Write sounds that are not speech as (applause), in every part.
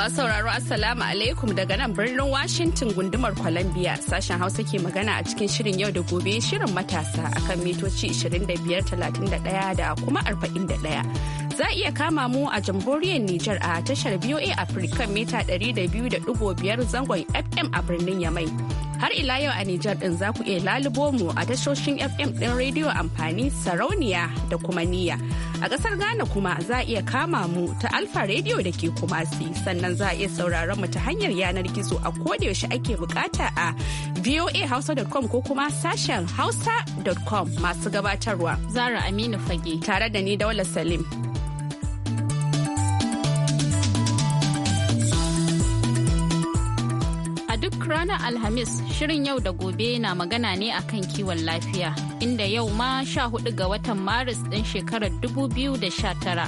masu sauraro assalamu alaikum daga nan birnin washington gundumar columbia sashen hausa ke magana a cikin shirin yau da gobe shirin matasa akan mitoci 2531 da kuma 41 za a iya kama mu a jamhuriyar nijar a tashar voa afirka mita 200.5 zangon fm a birnin yamai Har ila yau a Nijar ɗin za ku iya lalubo mu a tashoshin FM ɗin rediyo amfani sarauniya da kuma niya A ƙasar Ghana kuma za a iya kama mu ta Alfa rediyo da ke Kumasi sannan za a iya sauraron mu ta hanyar yanar gizo a kodayaushe ake bukata a voahausa.com ko kuma sashen hausa.com masu gabatarwa. Zara Aminu Fage. Tare da ni Daula Salim. ranar Alhamis shirin yau da gobe na magana ne akan kiwon lafiya inda yau ma 14 ga watan Maris ɗin shekarar tara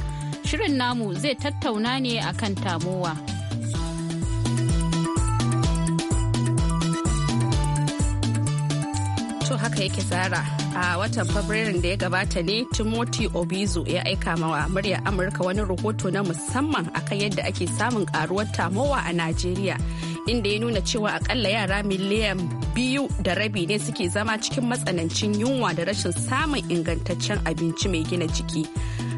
shirin namu zai tattauna ne akan tamowa. To haka yake tsara a watan Fabrairun da ya gabata ne Timothy obizo ya aika mawa murya Amurka wani rahoto na musamman akan yadda ake samun karuwar tamowa a Najeriya. inda ya nuna cewa akalla yara miliyan biyu da rabi ne suke zama cikin matsanancin yunwa da rashin samun ingantaccen abinci mai gina jiki.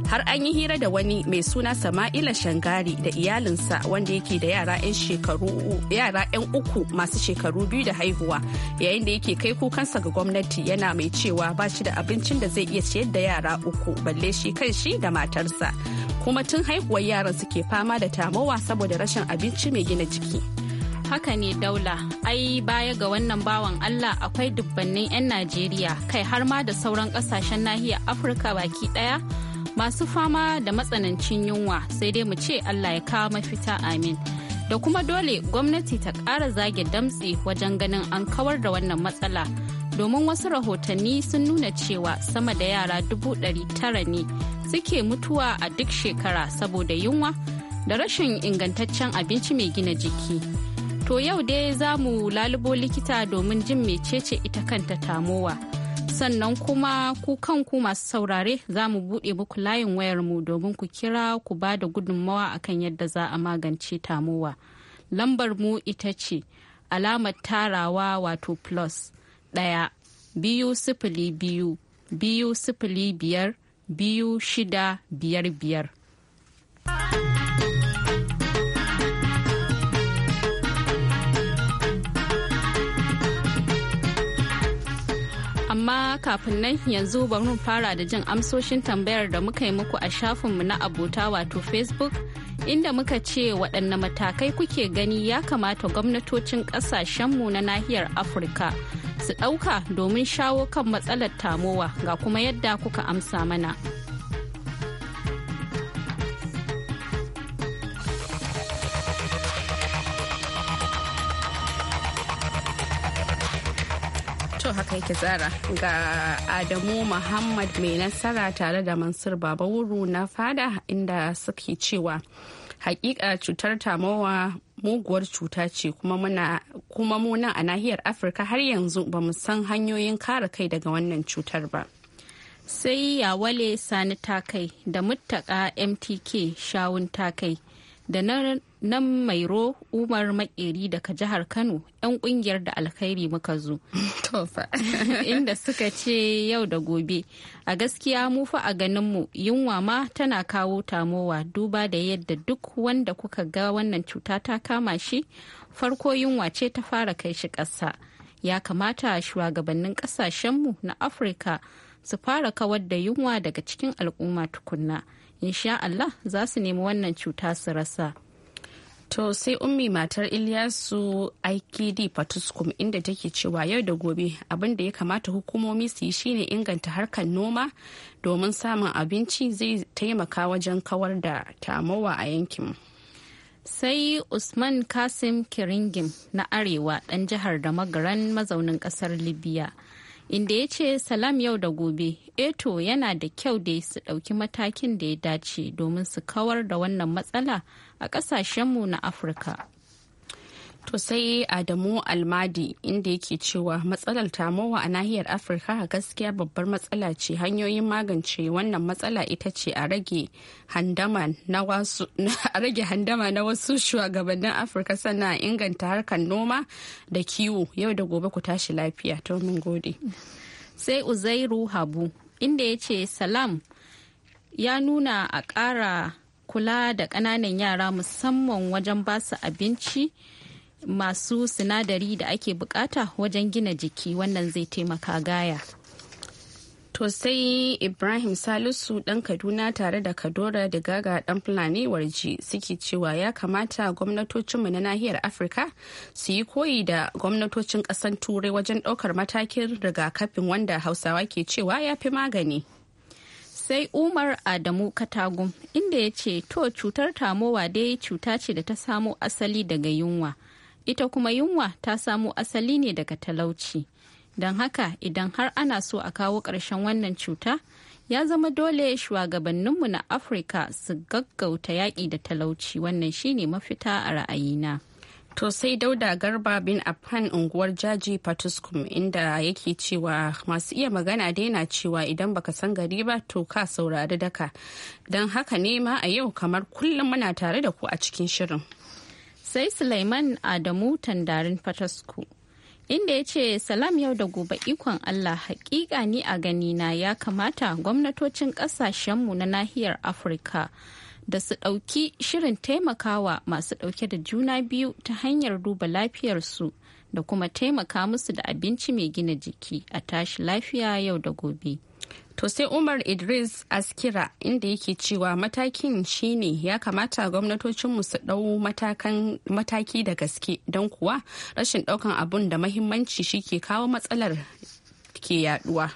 har an yi hira da wani mai suna sama'ila shangari da iyalinsa wanda yake da yara 'yan shekaru yara 'yan uku masu shekaru biyu da haihuwa yayin da yake kai kukansa ga gwamnati yana mai cewa ba shi da abincin da zai iya ciyar da yara uku balle shi kan shi da matarsa kuma tun haihuwar yaran suke fama da tamowa saboda rashin abinci mai gina jiki. Haka ne daula, ai baya ga wannan bawan Allah akwai dubbannin 'yan Najeriya kai har ma da sauran kasashen nahiyar Afirka baki ɗaya masu fama da matsanancin yunwa sai dai mu ce Allah ya kawo mafita amin. Da kuma dole gwamnati ta ƙara zage damtse wajen ganin an kawar da wannan matsala. Domin wasu rahotanni sun nuna cewa sama da yara dubu ɗari tara ne suke mutuwa a duk shekara saboda yunwa da rashin ingantaccen abinci mai gina jiki. To yau dai za mu lalubo likita domin jin mecece ita kanta tamowa. Sannan kuma ku kanku masu saurare za mu buɗe muku layin wayarmu domin ku kira ku ba da gudunmawa akan yadda za a magance tamowa. Lambar mu ita ce alamar tarawa wato plus ɗaya biyu sifili biyu biyu sifili biyar biyu shida biyar biyar. amma kafin nan yanzu bari mu fara da jin amsoshin tambayar da muka yi muku a shafinmu na abota wato facebook inda muka ce waɗanne matakai kuke gani ya kamata gwamnatocin ƙasashenmu na nahiyar afirka su ɗauka domin shawo kan matsalar tamowa ga kuma yadda kuka amsa mana. haka yake tsara ga Adamu Muhammad mai nasara tare da Mansur Babawuru na fada inda suke cewa hakika cutar tamowa muguwar cuta ce kuma muna a nahiyar Afirka har yanzu ba mu san hanyoyin kare kai daga wannan cutar ba. Sai yawale sani takai da muttaka MTK shawun takai da nan mairo umar makeri daga jihar kano 'yan kungiyar da alkhairi muka zo (laughs) (laughs) inda suka ce yau da gobe a gaskiya mu fa a ganinmu yunwa ma tana kawo tamowa duba da yadda duk wanda kuka ga wannan cuta ta kama shi farko yunwa ce ta fara kai shi ƙasa ya kamata shugabannin ƙasashenmu na afirka su fara kawar da yunwa daga cikin al'umma tukunna. insha Allah za su nemi wannan cuta su rasa. To sai ummi matar Ilyasu IKD Patuskum inda take cewa yau da gobe abinda ya kamata hukumomi su yi shine inganta harkar noma domin samun abinci zai taimaka wajen kawar da tamowa a yankin. Sai Usman Kasim Kiringim na Arewa ɗan jihar da magaran mazaunin ƙasar Libya inda ya ce salam yau da gobe eto eh yana da kyau da su ɗauki matakin da ya dace domin su kawar da wannan matsala a ƙasashenmu na afirka To sai Adamu Almadi inda yake cewa matsalar tamowa a nahiyar Afirka gaskiya babbar matsala ce hanyoyin magance wannan matsala ita ce a rage handama na wasu shugabannin Afirka sana inganta harkar noma da kiwo yau da gobe ku tashi lafiya to mun gode. Sai Uzairu Habu inda ya ce salam ya nuna a kara kula da ƙananan yara musamman wajen basu abinci. masu sinadari da ake bukata wajen gina jiki wannan zai taimaka gaya. To sai Ibrahim Salisu ɗan Kaduna tare da Kadora da Gaga ɗan Fulani Warji suke cewa ya kamata gwamnatocinmu na nahiyar Afirka su yi koyi da gwamnatocin ƙasan Turai wajen ɗaukar matakin rigakafin wanda Hausawa ke cewa ya fi magani. sai umar adamu katagum inda ya ce to cutar tamowa dai cuta ce da ta samo asali daga yunwa ita kuma yunwa ta samo asali ne daga talauci don haka idan har ana so a kawo ƙarshen wannan cuta ya zama dole shugabanninmu na afirka su gaggauta yaƙi da talauci wannan shine mafita a ra'ayina to sai dauda garba bin afan unguwar jaji patuskum inda yake cewa masu iya magana daina cewa idan baka san gari ba to ka saurari daka don haka ne ma a yau kamar kullum muna tare da ku a cikin shirin sai Suleiman Adamu tandarin Fatasku. Inda ya ce salam yau da gobe ikon Allah hakika ni a ganina ya kamata gwamnatocin kasashenmu na nahiyar Afirka da su ɗauki shirin taimakawa masu ɗauke da juna biyu ta hanyar duba lafiyarsu da kuma taimaka musu da abinci mai gina jiki a tashi lafiya yau da gobe. To sai Umar Idris Askira inda yake cewa matakin shine ya kamata gwamnatocinmu su ɗau mataki da gaske don kuwa rashin ɗaukan abun da mahimmanci shi ke kawo matsalar ke yaduwa.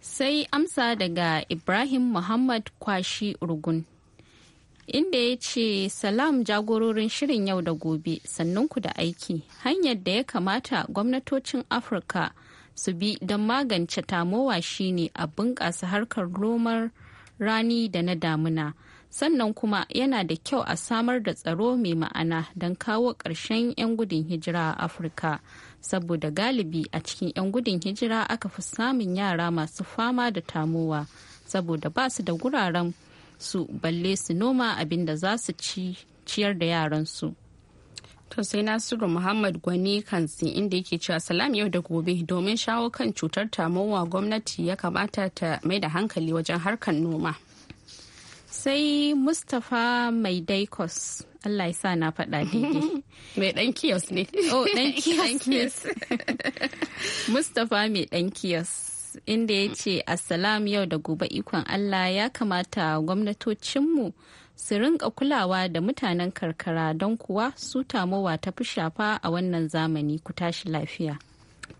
Sai amsa daga Ibrahim Muhammad Kwashi Urgun. inda ya ce salam jagororin shirin yau da gobe sannan ku da aiki hanyar da ya kamata gwamnatocin afirka su bi don magance tamowa shine a bunƙasa harkar romar rani da na damuna sannan kuma yana da kyau a samar da tsaro mai ma'ana don kawo ƙarshen 'yan gudun hijira a afirka saboda galibi a cikin 'yan gudun hijira aka fi samun yara masu fama da tamowa saboda ba su da guraren su balle su noma abin da za su ciyar da yaransu. To sai Nasiru Muhammad Gwani Kansi inda yake cewa salam yau da gobe domin shawo kan cutar tamowa gwamnati ya kamata ta mai da hankali wajen harkar noma. Sai Mustapha Mai Daikos Allah ya sa na faɗa daidai. (laughs) Mai ɗan kiyos ne. Oh, ɗan (laughs) kiyos. (laughs) Mustapha Mai ɗan kiyos. Inda ya ce, salam yau da gobe ikon Allah ya kamata gwamnatocinmu su rinka kulawa da mutanen karkara don kuwa su tamowa ta fi shafa a wannan zamani ku tashi lafiya.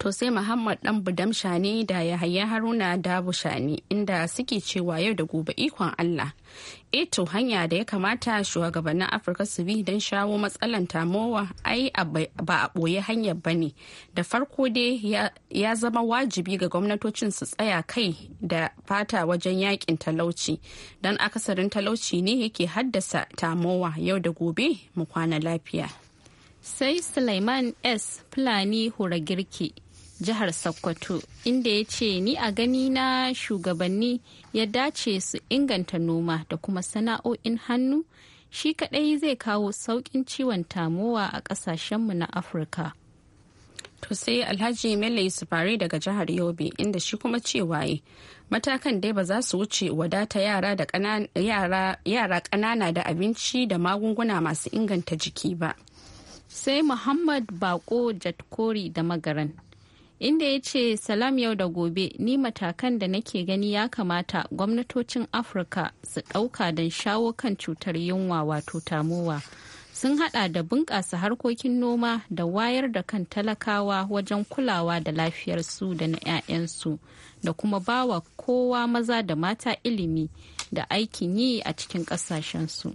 to sai muhammad dan budam shani da yahaya haruna dabu shani inda suke cewa yau da gobe ikon allah eto eh hanya da ya kamata shugabannin afirka su bi don shawo matsalan tamowa ai ba a ɓoye hanyar ba ne da farko dai ya zama wajibi ga gwamnatocin su tsaya kai da fata wajen yakin talauci don akasarin talauci ne yake haddasa tamowa yau da gobe mu kwana lafiya sai sulaiman s fulani hura girki jihar sokoto inda ya ce ni a gani na shugabanni ya dace su inganta noma da kuma sana'o'in hannu shi kadai zai kawo saukin ciwon tamowa a kasashenmu na afirka to sai alhaji mele su fare daga jihar yobe inda shi kuma cewa matakan dai ba za su wuce wadata yara da yara kanana da abinci da magunguna masu inganta jiki ba sai muhammad bako jatkori da magaran inda ya ce salam yau da gobe ni matakan da nake gani ya kamata gwamnatocin afirka su ɗauka don shawo kan cutar yunwa wato tamowa sun haɗa da bunƙasa harkokin noma da wayar da kan talakawa wajen kulawa da lafiyarsu da na 'ya'yansu da kuma bawa kowa maza da mata ilimi da aikin yi a cikin ƙasashensu.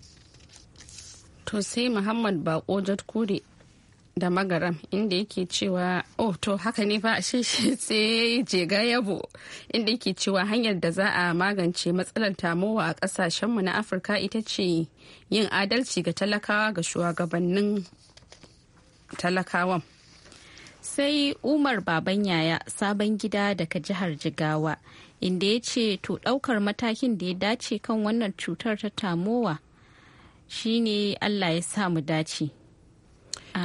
to sai muhammad bako Jatkuri da magaram inda yake cewa oh to haka ne fa ashe shi (laughs) sai jega yabo inda yake cewa hanyar da za a magance matsalar tamowa a kasashenmu na afirka ita ce yin adalci ga talakawa ga shugabannin talakawan sai umar baban yaya sabon gida daga jihar jigawa inda ya ce to ɗaukar matakin da ya dace kan wannan cutar ta tamowa shine allah ya samu dace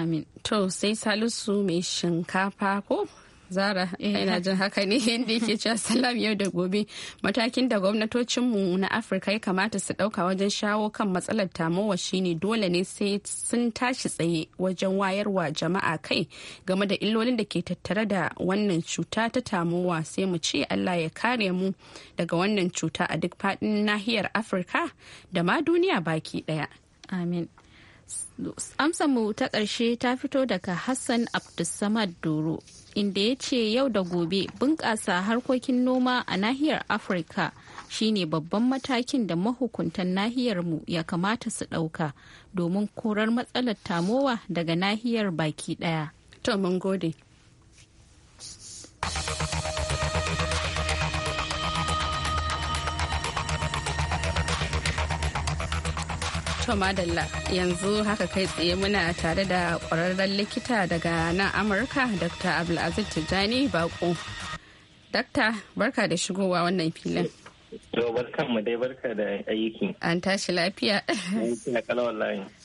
Amin. To sai Salisu mai shinkafa ko zara eh, ina jin haka ne yadda yake cewa salam yau da gobe matakin da gwamnatocinmu na afirka ya kamata su dauka wajen shawo kan matsalar tamowa shine dole ne sai sun tashi tsaye wajen wayarwa jama'a kai game da illolin da ke tattare da wannan cuta ta tamowa sai mu ce allah ya kare mu daga wannan cuta a duk faɗin nahiyar afirka da ma duniya baki ɗaya amin amsanmu ta ƙarshe ta fito daga hassan abdulsamad doro inda ya ce yau da gobe bunƙasa harkokin noma a nahiyar afirka shine babban matakin da mahukuntan nahiyarmu ya kamata su ɗauka domin korar matsalar tamowa daga nahiyar baki ɗaya. mun gode. To madalla yanzu haka kai tsaye muna tare da kwararren likita daga nan Amurka Dr. Abdulaziz Tijjani Bako. Dokta barka da shigowa wannan filin. To barkan mu dai barka da aiki. An tashi lafiya.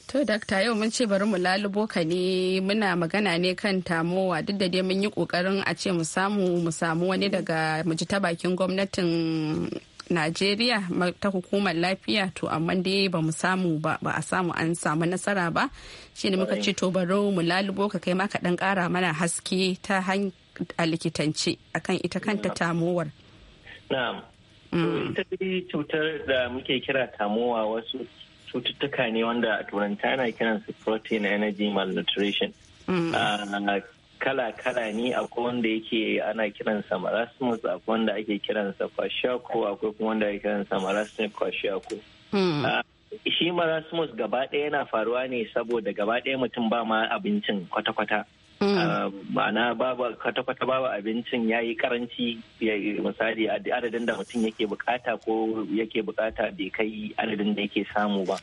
To dakta yau mun ce bari mu lalubo ka ne muna magana ne kan tamowa duk da dai mun yi kokarin a ce mu samu mu samu wani daga mu ji ta bakin gwamnatin najeriya ta hukumar lafiya to amma dai ba mu samu ba ba a samu an samu nasara ba shi ne muka ce to baro mu lalubo ka kai ma dan kara mana haske ta a likitance akan ita kanta tamuwar na'am mm. ita dai cutar da muke kira tamuwa wasu cututtuka ne wanda a turanta ana su protein energy malnutrition mm. ah, kala-kala ne akwai wanda yake ana kiransa marasmus akwai wanda ake kiransa kwashiyako akwai kuma wanda ake kiransa marasmus kwashiyako. Hmm. Ah, shi marasmus gaba ɗaya yana faruwa ne saboda gaba ɗaya mutum ba ma abincin kwata-kwata hmm. ah, ma'ana babu kwata-kwata babu abincin ya yi karanci misali adadin da mutum yake bukata ko yake bukata bai kai adadin da yake samu ba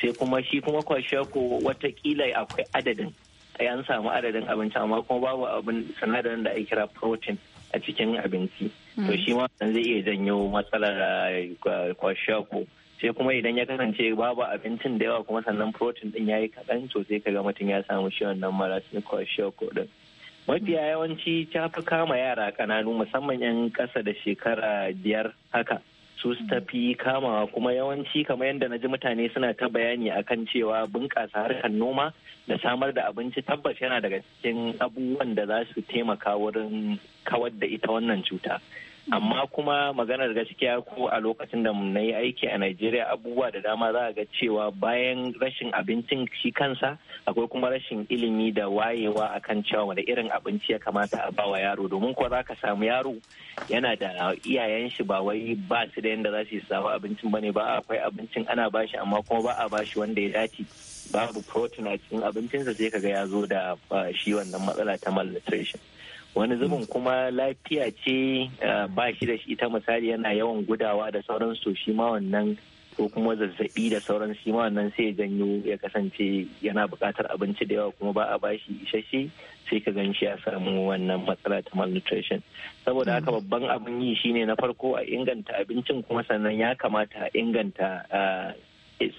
sai kuma shi kuma kwashiyako watakila akwai adadin an samu adadin abinci amma kuma babu abin sinadarin da ake kira protein a cikin abinci to hmm. shi ma zai iya janyo matsalar eh, kwashako sai kuma idan ya kasance babu abincin da yawa kuma sannan protein din yayi kaɗan to sai kaga mutum ya samu shi wannan marasin kwashako din mafiya yawanci ta fi kama yara kananu musamman 'yan kasa da shekara biyar haka su su tafi kamawa kuma yawanci kamar yadda na ji mutane suna ta bayani akan cewa bunƙasa harkar noma da samar da abinci tabbas yana daga cikin abubuwan da za su taimaka wurin kawar da ita wannan cuta amma kuma maganar gaskiya ko a lokacin da na yi aiki a Najeriya abubuwa da dama za a ga cewa bayan rashin abincin shi kansa akwai kuma rashin ilimi da wayewa akan cewa wani irin abinci ya kamata a bawa yaro domin kuwa za ka samu yaro yana da iyayen shi ba wai ba su da yadda za su samu abincin bane ba akwai abincin ana bashi amma kuma ba a bashi wanda ya dace babu protein a cikin abincinsa sai kaga ya zo da ah, shi wannan matsala ta malnutrition. wani zubin kuma lafiya ce eh, ba shi da shi ta misali yana yawan gudawa da su shi ma wannan ko kuma zazzabi da sauran shi ma wannan sai janyo ya kasance yana buƙatar abinci da yawa kuma ba a bashi isasshe sai ka gan shi ya samu wannan matsala ta malnutrition saboda haka mm. babban abin yi shine na farko a inganta abincin kuma sannan ya kamata a inganta eh,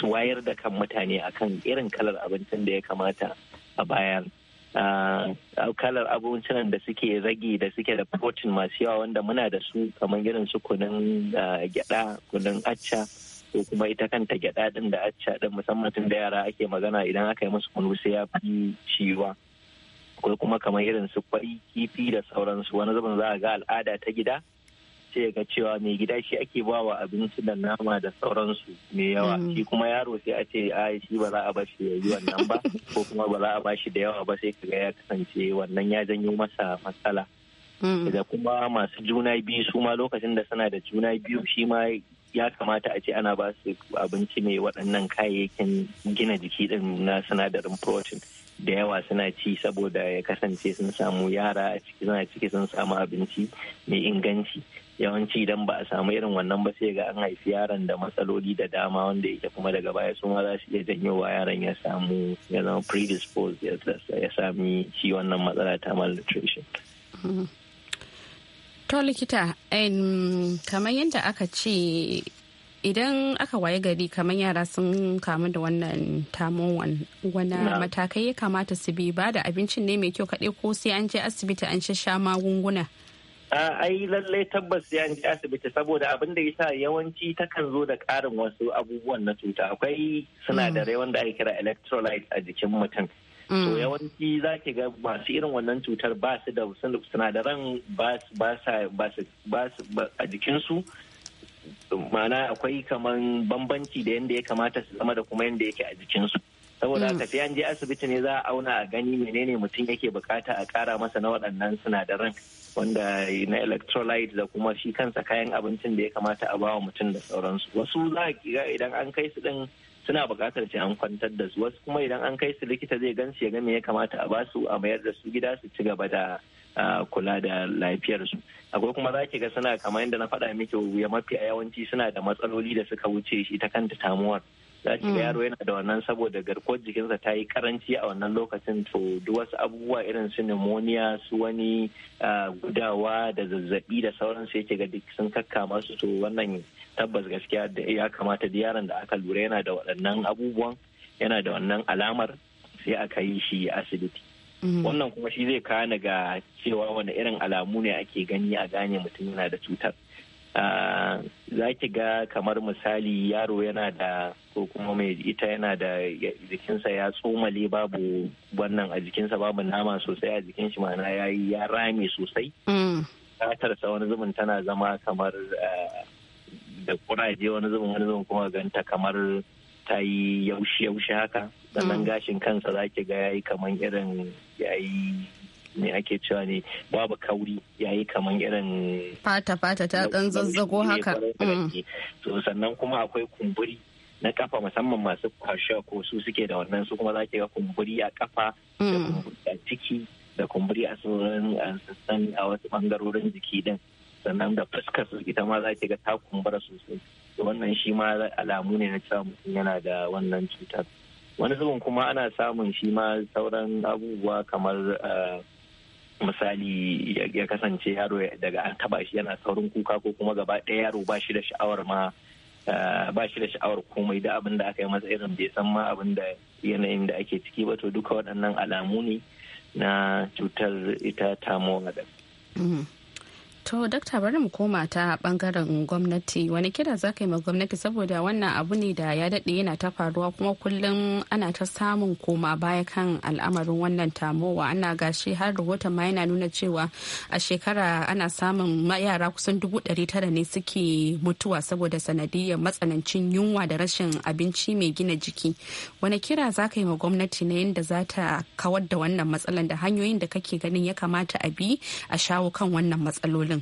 su wayar da kan mutane akan irin kalar abincin da ya kamata a bayan Ah, kalar abincin da suke zagi da suke da protein masu yawa wanda muna da su kamar irin su kunun ah, gyada kunun acca ko kuma ita kanta gyada din da acca din musamman tun da yara ake magana idan aka yi musu kunu sai ya fi ciwa ko kuma kamar irin su kwai kifi da sauransu wani zaman za a ga al'ada ta gida sai ga cewa mai gida shi ake bawa abinci da nama da sauransu mai yawa mm. shi kuma yaro sai a ce a shi ba za a bashi ya yi wannan ba (laughs) ko kuma ba za a bashi da yawa ba sai kaga ya kasance wannan ya janyo masa matsala mm. da kuma masu juna biyu su ma lokacin da suna da juna biyu shi ma ya kamata a ce ana ba su abinci mai waɗannan kayayyakin gina jiki din na sinadarin protein da yawa suna ci saboda ya kasance sun samu yara a ciki suna ciki sun samu abinci mai inganci yawanci idan ba a samu irin wannan ba sai ga an haifi yaran da matsaloli da dama wanda yake kuma daga baya su ma za su iya janyowa yaron ya samu ya zama predisposed ya sami shi wannan matsala ta malnutrition. Mm-hmm. To likita, kamar yadda aka ce idan aka waye gari kamar yara sun kamu da wannan tamon wani matakai ya kamata su bi ba da abincin ne mai kyau kaɗai ko sai an je asibiti an sha magunguna. ai lallai tabbas ya ji asibiti saboda abin da yasa yawanci takan zo da ƙarin wasu abubuwan na cuta akwai sinadarai wanda ake kira electrolyte a jikin mutum So mm. yawanci za ki ga masu irin wannan cutar ba su da sinadaran ba su a jikinsu ma'ana akwai kaman bambanci da yadda ya kamata su zama da kuma yadda yake a jikinsu saboda mm. haka sai an je asibiti ne za a auna a gani menene mutum yake bukata a kara masa na waɗannan sinadaran wanda na electrolyte da kuma shi kansa kayan abincin da ya kamata a bawa mutum da sauransu wasu za a idan an kai su din suna buƙatar sai an kwantar da su wasu kuma idan an kai su likita zai gan su ya ga me ya kamata a basu a mayar da su gida su ci gaba da kula da lafiyarsu akwai kuma za ki ga suna kamar yadda na faɗa miki ya mafi a yawanci suna da matsaloli da suka wuce shi ta kanta tamuwar za ki ga mm. yaro yana da wannan saboda garkuwar jikinsa ta yi karanci a wannan lokacin to duk wasu abubuwa irin su pneumonia su wani gudawa da zazzabi da sauransu yake ga duk sun kakkama su to wannan tabbas gaskiya da ya kamata da yaron da aka lura yana da waɗannan abubuwan yana da wannan alamar sai aka yi shi asibiti mm. wannan kuma shi zai kana ga cewa wani irin alamu ne ake gani a gane mutum yana da cutar za ki ga kamar misali yaro yana da ko kuma mai ita yana da jikinsa ya tsomale babu wannan a jikinsa babu nama sosai a jikin shi mana ya yi ya rame sosai katarsa mm. wani zubin tana zama kamar eh, da kuraje wani zubin wani zubin kuma ganta kamar ta yi yaushe yaushe haka sannan mm. gashin kansa za ki ga yayi kamar irin yayi ne ake cewa ne babu kauri yayi kamar irin fata fata ta dan zazzago haka mm. sannan kuma akwai kumburi na kafa musamman masu kwashe ko su suke da wannan su kuma za ki ga kumburi a kafa da mm. a ciki da kumburi a sauran sassan a wasu bangarorin jiki din sannan da fuskar su ita ma za ki ga ta kumbura sosai wannan shi ma alamu ne na cewa mutum yana da wannan cutar wani zubin kuma ana samun shi ma sauran abubuwa kamar eh, misali ya kasance yaro daga an taba shi yana saurin kuka ko kuma gaba ɗaya yaro ba shi da sha'awar ma Eh, ba shi da sha'awar komai da abin da aka yi masa irin bai san ma abin da yanayin da ake ciki ba to duka waɗannan alamu ne na cutar ita tamo da. To, Dokta bari mu koma ta bangaren gwamnati. Wani kira za ka yi ma gwamnati saboda wannan abu ne da ya daɗe yana ta faruwa kuma kullum ana ta samun koma baya kan al'amarin wannan tamowa. Ana gashi har rahoton ma yana nuna cewa a shekara ana samun yara kusan dubu ɗari tara ne suke mutuwa saboda sanadiyar matsanancin yunwa da rashin abinci mai gina jiki. Wani kira za ka yi ma gwamnati na yadda za ta kawar da wannan matsalar da hanyoyin da kake ganin ya kamata a bi a shawo kan wannan matsalolin.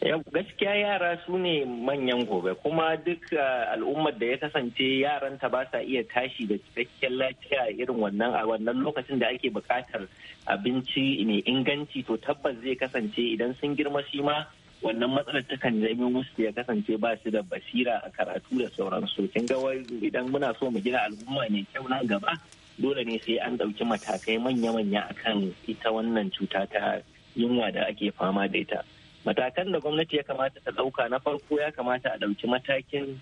gaskiya yara su ne manyan gobe kuma duk ah, al'ummar da ya kasance yaranta ba sa iya tashi da cikakken lafiya irin wannan a wannan lokacin da ake bukatar abinci mai inganci to tabbas zai kasance idan sun girma shi ma wannan matsalar takan jami musu ya kasance ba su da basira a karatu da sauransu kin ga idan muna so mu gina al'umma ne kyau nan gaba dole ne sai an ɗauki matakai manya-manya akan ita wannan cuta ta yunwa da ake fama da ita. matakan da gwamnati ya kamata ta ɗauka na farko ya kamata a ɗauki matakin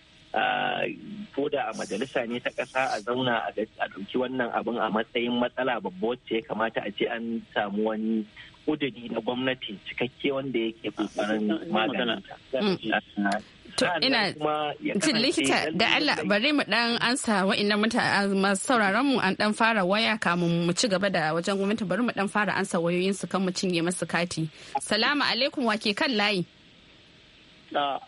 ko da a majalisa ne ta ƙasa a zauna a ɗauki wannan abin a matsayin matsala babba wacce ya kamata a ce an samu wani ƙuduri na gwamnati cikakke wanda yake ƙoƙarin magana To ina cin likita da Allah bari mu dan ansa wa'annan mutane masu sauraron mu an dan fara waya kamun mu ci gaba da wajen gwamnati bari mu dan fara ansa wayoyin su kan mu cinye masu kati. Salamu alaikum wake kan layi. Ah,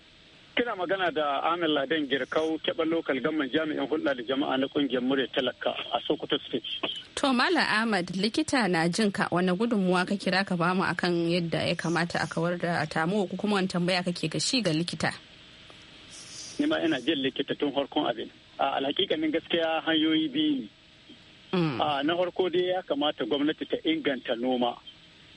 kina magana da Amin Laden Girkau keɓen lokal gaman jami'in hulɗa da jama'a na ƙungiyar murya talaka a Sokoto State. To Malam Ahmad likita na jin ka wani gudunmuwa ka kira ka bamu akan yadda ya kamata a kawar da tamu ko kuma wani tambaya kake ga shi ga likita. ni ma ina jin likita tun harkon abin a alhakikanin gaskiya hanyoyi biyu ne mm. a na farko dai ya kamata gwamnati ta inganta noma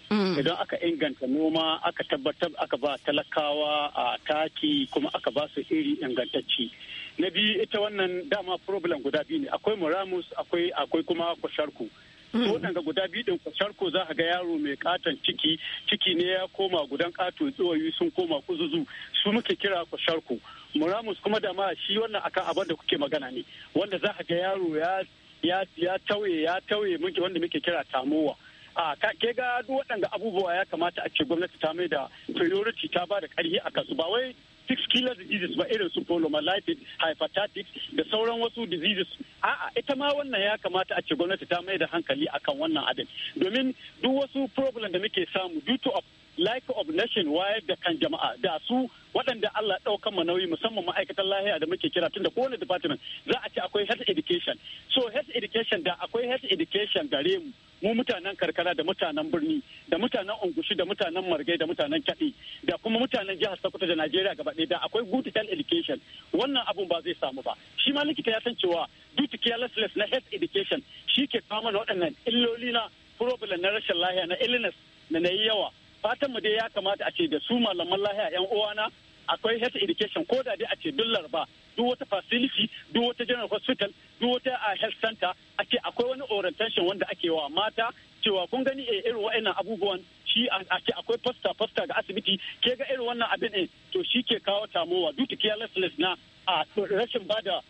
mm. idan aka inganta noma aka tabbatar aka ba talakawa a taki kuma aka ba su iri ingantacci na biyu ita wannan dama problem guda biyu ne akwai muramus akwai akwai kuma kwasharku mm. waɗanda guda biyu ɗin kwasharko za ga yaro mai katon ciki ciki ne ya koma gudan kato tsawayi sun koma kuzuzu su muke kira kwasharku. muramus kuma da ma shi wannan akan abin da kuke magana ne wanda za ga yaro ya ya ya tauye ya tauye muke wanda muke kira tamowa a ke ga duk waɗanda abubuwa ya kamata a ce gwamnati ta mai da priority ta ba da ƙarfi a kansu ba wai six killer diseases ba irin su polomyelitis hepatitis da sauran wasu diseases a'a ita ma wannan ya kamata a ce gwamnati ta mai da hankali akan wannan abin domin duk wasu problem da muke samu due to Life of Nation wayar da kan jama'a da su waɗanda Allah ɗaukan nauyi musamman ma'aikatan lahiya da muke kira tunda kowane department za a ce akwai health education. So health education da akwai health education gare mu mu mutanen karkara da mutanen birni da mutanen ungushi da mutanen margai da mutanen kyaɗe da kuma mutanen jihar Sokoto da Najeriya gaba ɗaya da akwai good health education wannan abun ba zai samu ba. Shi ma likita ya san cewa due to carelessness na health education shi ke kawo mana waɗannan illoli na problem na rashin lahiya na illness na na yawa fatan mu dai ya kamata a ce da su malaman lahiya yan uwana akwai health education ko da dai a ce duk ba duk wata facility duk wata general hospital duk wata health center a ce akwai wani orientation wanda ake wa mata cewa kun gani eh, irin wa'annan abubuwan shi a ce akwai fasta fasta ga asibiti ke ga irin wannan abin eh to shi ke kawo tamowa duk carelessness na a rashin bada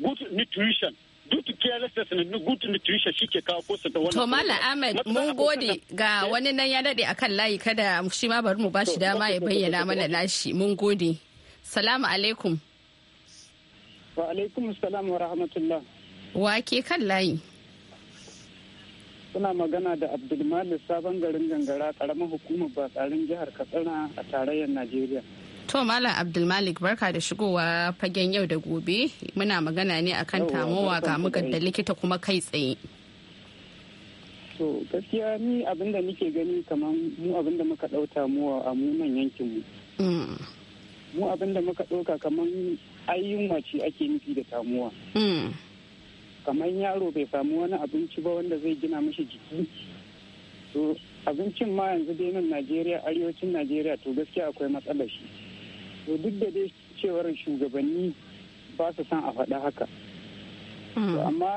good nutrition duk carelessness na da nutrition shi ke kawo kosa da wannan. To Malam Ahmed mun gode ga wani nan ya daɗe akan layi kada shi ma bari mu ba shi dama ya bayyana mana nashi mun gode. Salamu alaikum. Wa alaikum salam wa rahmatullah. Wa ke kan layi? Suna magana da Abdulmalik sabon garin gangara karamar hukumar ba jihar Katsina a tarayyar Najeriya. To Malam Abdulmalik barka da shigowa fagen yau da gobe muna magana ne akan tamowa ga mugan da likita kuma kai tsaye. To gaskiya ni abinda nike gani kamar mu abinda muka ɗau tamowa a munan yankin mu. Mu mm. abinda muka ɗauka kamar ayyun wace ake nufi da tamuwa. Mm. Kamar yaro bai samu wani abinci ba wanda zai gina mishi jiki. To abincin ma yanzu dai nan Najeriya arewacin Najeriya to gaskiya akwai matsalar shi. to duk da dai cewar shugabanni ba su san a faɗa haka hmm. amma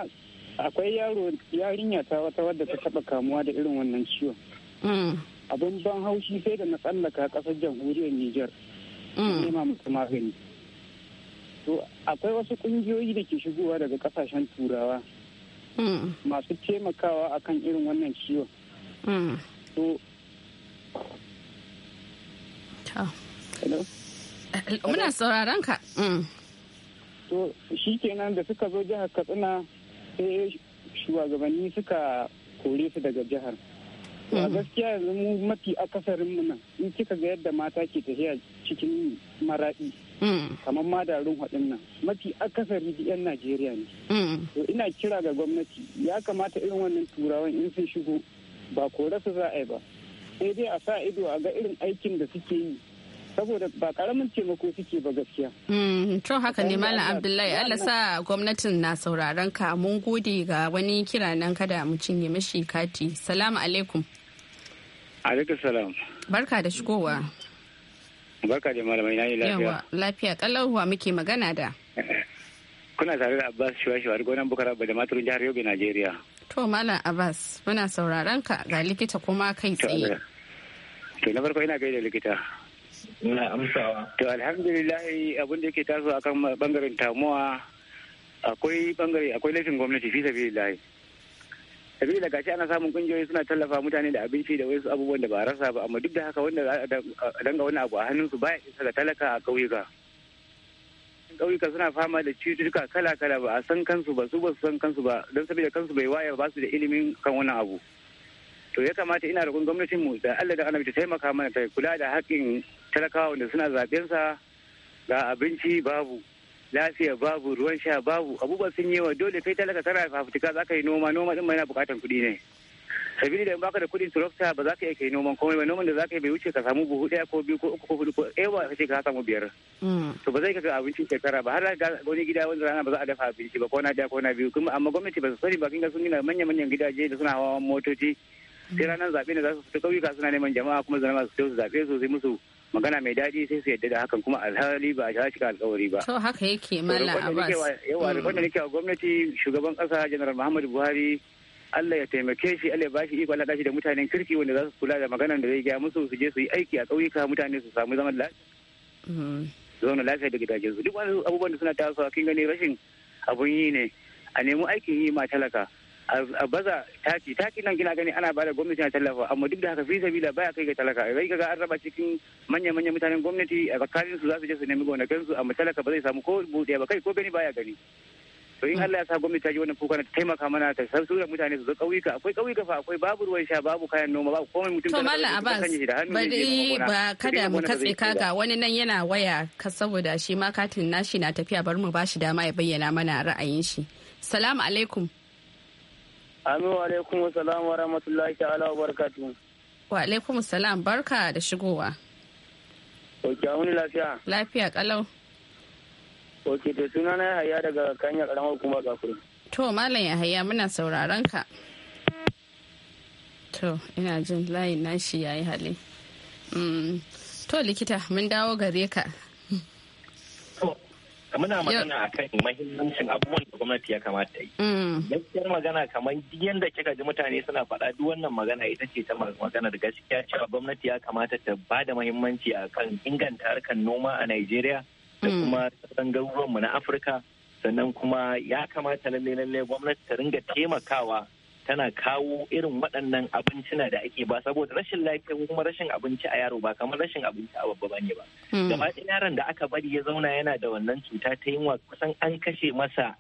akwai yaro yarinya ta wata wadda ta taɓa kamuwa da irin wannan ciwon hmm. abin ban haushi sai da na tsallaka ƙasar jamhuriyar niger hmm. nema masa magani to akwai wasu ƙungiyoyi da ke shigowa daga ƙasashen turawa masu taimakawa akan irin wannan ciwon to Hello? Eh, muna sauraron ka mm. to shi kenan da suka zo jihar katsina sai shugabanni suka kore su daga jihar a mm. gaskiya yanzu mu mafi akasarin mu in kika ga yadda mata ke tafiya cikin maraɗi mm. kamar ma da haɗin nan mafi akasari da 'yan najeriya ne to ina kira ga gwamnati ya kamata irin wannan turawan in sun shigo ba kore su za a yi ba sai dai a sa ido a ga irin aikin da suke yi saboda ba karamin taimako suke ba gaskiya. Mm, to haka ne malam abdullahi allah sa gwamnatin na sauraron ka mun gode ga wani kira nan kada mu cinye mashi kati salamu alaikum alaikum salam barka da shigowa barka da malamai na yi lafiya yawa lafiya kalauwa muke magana da kuna tare da abbas shiwa-shiwa da gonan bukara ba da maturin jihar yobe najeriya to malam abbas muna sauraron ka ga likita kuma kai tsaye to na farko ina gaida likita Ina amsawa. To alhamdulillah abin da yake taso akan bangaren tamuwa akwai bangare akwai laifin gwamnati fi Sabi da gashi ana samun kungiyoyi suna tallafa mutane da abinci da wasu abubuwan da ba rasa ba amma duk da haka wanda a danga wani abu a hannunsu ba isa ga talaka a ƙauyuka ƙauyuka suna fama da cututtuka kala kala ba a san kansu ba su ba su san kansu ba don da kansu bai waye ba su da ilimin kan wani abu to ya kamata ina da gwamnatin mu da Allah da annabi ta taimaka mana ta kula da haƙƙin talakawa da suna zaben sa ga abinci babu lafiya babu ruwan sha babu abubuwan sun yi wa dole kai talaka tana fafutuka za ka yi noma noma din ma yana buƙatar kuɗi ne sabili da in baka da kuɗin turokta ba za ka iya kai noman komai ba noman da za ka yi bai wuce ka samu buhu ɗaya ko biyu ko uku ko hudu ko ewa ce ka samu biyar mm. to ba zai ka ga abincin shekara ba har da wani gida wanda rana ba za a dafa abinci ba ko na ɗaya ko na biyu kuma amma gwamnati ba su sani ba kinga sun gina manya-manyan gidaje da suna hawa motoci sai ranar zaɓe ne za su fita ƙauyuka suna neman jama'a kuma zama su su zaɓe su sai musu magana mai daɗi sai su yadda da hakan kuma alhali ba a cika alƙawari ba. To haka yake mala Abbas. Yawa da wanda nake a mm. gwamnati shugaban kasa Janar Muhammadu Buhari Allah ya taimake shi Allah ya bashi iko Allah shi da mutanen kirki wanda za su kula da maganar da zai gaya musu su je su yi aiki a ƙauyuka mutane su samu zaman lafiya. Mm. Zauna lafiya da su duk wani abubuwan da suna tasowa kin gani rashin abun yi ne a nemi aikin yi ma talaka. a baza taki taki nan kina gani ana bada gwamnati na tallafa amma duk da haka fi sabila baya kai ga talaka sai kaga an raba cikin manya manyan mutanen gwamnati a tsakanin su za su je su nemi gonakin kansu amma talaka ba zai samu ko bude ba kai ko gani baya gani to in Allah ya sa gwamnati ta ji wannan kuka ta taimaka mana ta sarsu su da mutane su zo kauyuka akwai kauyuka fa akwai babu ruwan sha babu kayan noma babu komai mutum to mallam Abbas bari ba kada mu katse kaga wani nan yana waya ka saboda shi ma katin nashi na tafiya bari mu bashi dama ya bayyana mana ra'ayin shi salamu alaikum Amin wa alaikum salam wa rahmatullahi ala wa barakatu. Wa alaikum salam barka da shigowa. Ok, wani lafiya. Lafiya kalau. Ok, to suna na yahaya daga kanyar karamar kuma kafin. To, Malam yahaya muna sauraron ka. To, ina jin layin nashi yayi hali. Mm, to, likita, mun dawo gare ka. muna magana a akan mahimmancin abubuwan da gwamnati ya kamata yi mm. gaskiyar magana kamar da kika ji mutane suna faɗa duk wannan magana ita ce ta maganar gaskiya cewa gwamnati ya kamata ta ba da mahimmanci kan inganta harkar noma a Najeriya da mm. kuma sauran garuruwanmu na Afirka sannan kuma ya kamata lalle lalle gwamnati ta ringa taimakawa tana kawo irin waɗannan abincina da ake ba saboda rashin lafiya ko kuma rashin abinci a yaro ba kamar rashin abinci a babba bane ba hmm. gaba yaron da aka bari ya zauna yana da wannan cuta ta wa kusan an kashe masa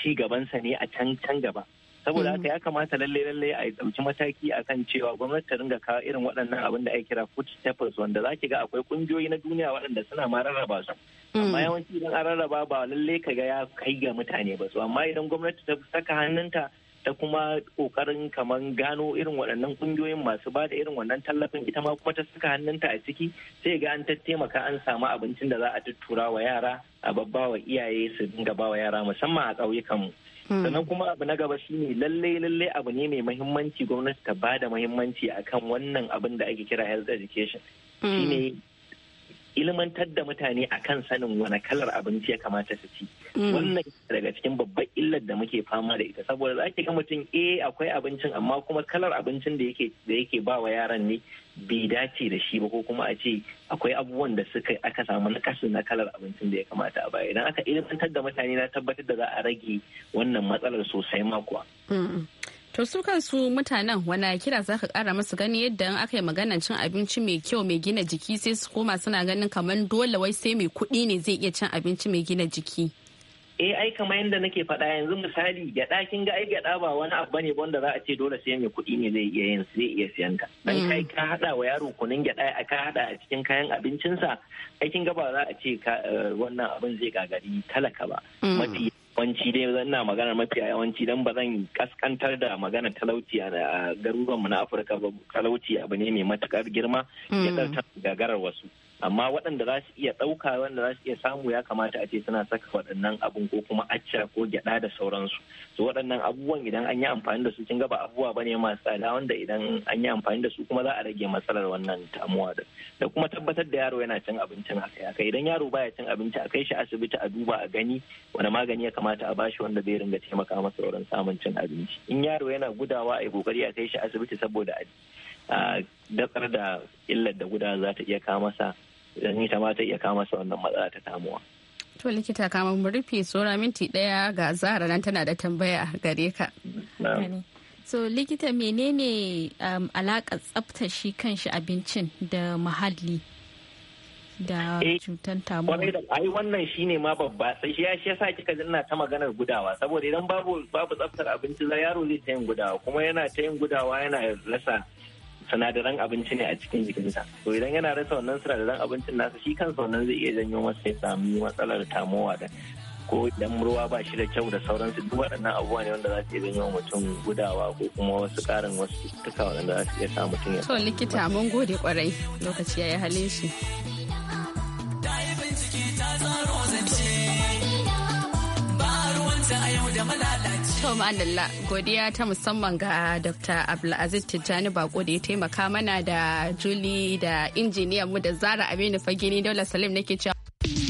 ci gabansa ne a can can gaba saboda hmm. haka ya kamata lalle lalle a ɗauki mataki a kan cewa gwamnati ta dinga kawo irin waɗannan abin da ake kira food staples wanda za ki ga akwai ƙungiyoyi na duniya waɗanda suna ma rarraba su hmm. amma yawanci idan an rarraba ba lalle ka ga ya kai ga mutane ba su amma idan gwamnati ta saka hannunta da kuma kokarin kamar gano irin waɗannan ƙungiyoyin masu ba da irin wannan tallafin ita ma kuma ta saka hannunta a ciki sai ga an taimaka an samu abincin da za a tuttura wa yara a babba wa iyaye su dinga ba wa yara musamman a ƙauyukanmu. Hmm. sannan kuma abu na gaba ne lallai lallai abu ne mai mahimmanci gwamnati ta ba da mahimmanci akan wannan abin da ake kira health education hmm. shine ilmantar da mutane a kan sanin wani kalar abinci ya kamata su ci mm. wannan daga cikin babban illar da muke fama da ita saboda za ki ga mutum e akwai abincin amma kuma kalar abincin da yake da yake ba wa yaran ne bai dace da shi ba ko kuma a ce akwai abubuwan da suka aka samu na kasu na kalar abincin da ya kamata a baya idan aka ilmantar da mutane na tabbatar da za a rage wannan matsalar sosai ma kuwa mm. To su kansu mutanen wani kira za ka kara masu gani yadda in aka yi maganar cin abinci mai kyau mai gina jiki sai su koma suna ganin kamar dole wai sai mai kuɗi ne zai iya cin abinci mai gina jiki. Eh ai kamar yadda nake faɗa yanzu misali gyaɗa kin ga ai gyaɗa ba wani abu bane wanda za a ce dole sai mai kuɗi ne zai iya yin zai iya siyan mm. ka. Dan kai ka hada wa yaro kunun gyaɗa a ka hada a cikin kayan abincinsa ai kin ga ba za a ce eh, wannan abin zai gagari talaka ba. Mm. Mafi yawanci dai ina magana mafi yawanci dan ba zan kaskantar da magana talauci a mu na afirka ba talauci abu ne mai matukar girma ya mm. gagarar wasu amma waɗanda za su iya ɗauka wanda za su iya samu ya kamata a ce suna saka waɗannan abun ko kuma acca ko gyaɗa da sauransu to waɗannan abubuwan idan an yi amfani da su kin ga ba abubuwa bane masu tsada wanda idan an yi amfani da su kuma za a rage matsalar wannan tamuwa da da kuma tabbatar da yaro yana cin abincin a akai idan yaro baya cin abinci a kai shi asibiti a duba a gani wani magani ya kamata a bashi wanda zai ringa taimaka masa wurin samun cin abinci in yaro yana gudawa a yi kokari a kai shi asibiti saboda a datsar da illar da guda za ta iya kawo masa don ita ma ta iya kama masa wannan matsala ta tamuwa. To likita kama mu rufe tsora minti ɗaya ga zara nan tana da tambaya gare ka. So likita menene um, alaƙar kan kanshi abincin da muhalli da eh, cutar tamuwa. Ai wannan shi ne ma babba sai shi ya shi yasa kika ina ta maganar gudawa saboda idan babu babu tsaftar abinci za yaro zai ta yin gudawa kuma yana ta yin gudawa yana rasa sinadaran abinci ne a cikin jikinsa to idan yana rasa wannan sinadaran abincin nasa shi kansa wannan zai iya janyo masa ya sami matsalar tamowa da ko idan ruwa ba shi da kyau da sauransu duk waɗannan abubuwa ne wanda za su iya janyo mutum gudawa ko kuma wasu ƙarin wasu cututtuka waɗanda za su iya sa mutum ya to likita mun gode kwarai lokaci ya yi halin shi a yau da malalaci. To ma'adalla godiya ta musamman ga Dr. Abdulaziz Tijjani Bako da ya taimaka mana da Julie da injiniyan mu da Zara Aminu Fagini dole Salim nake cewa.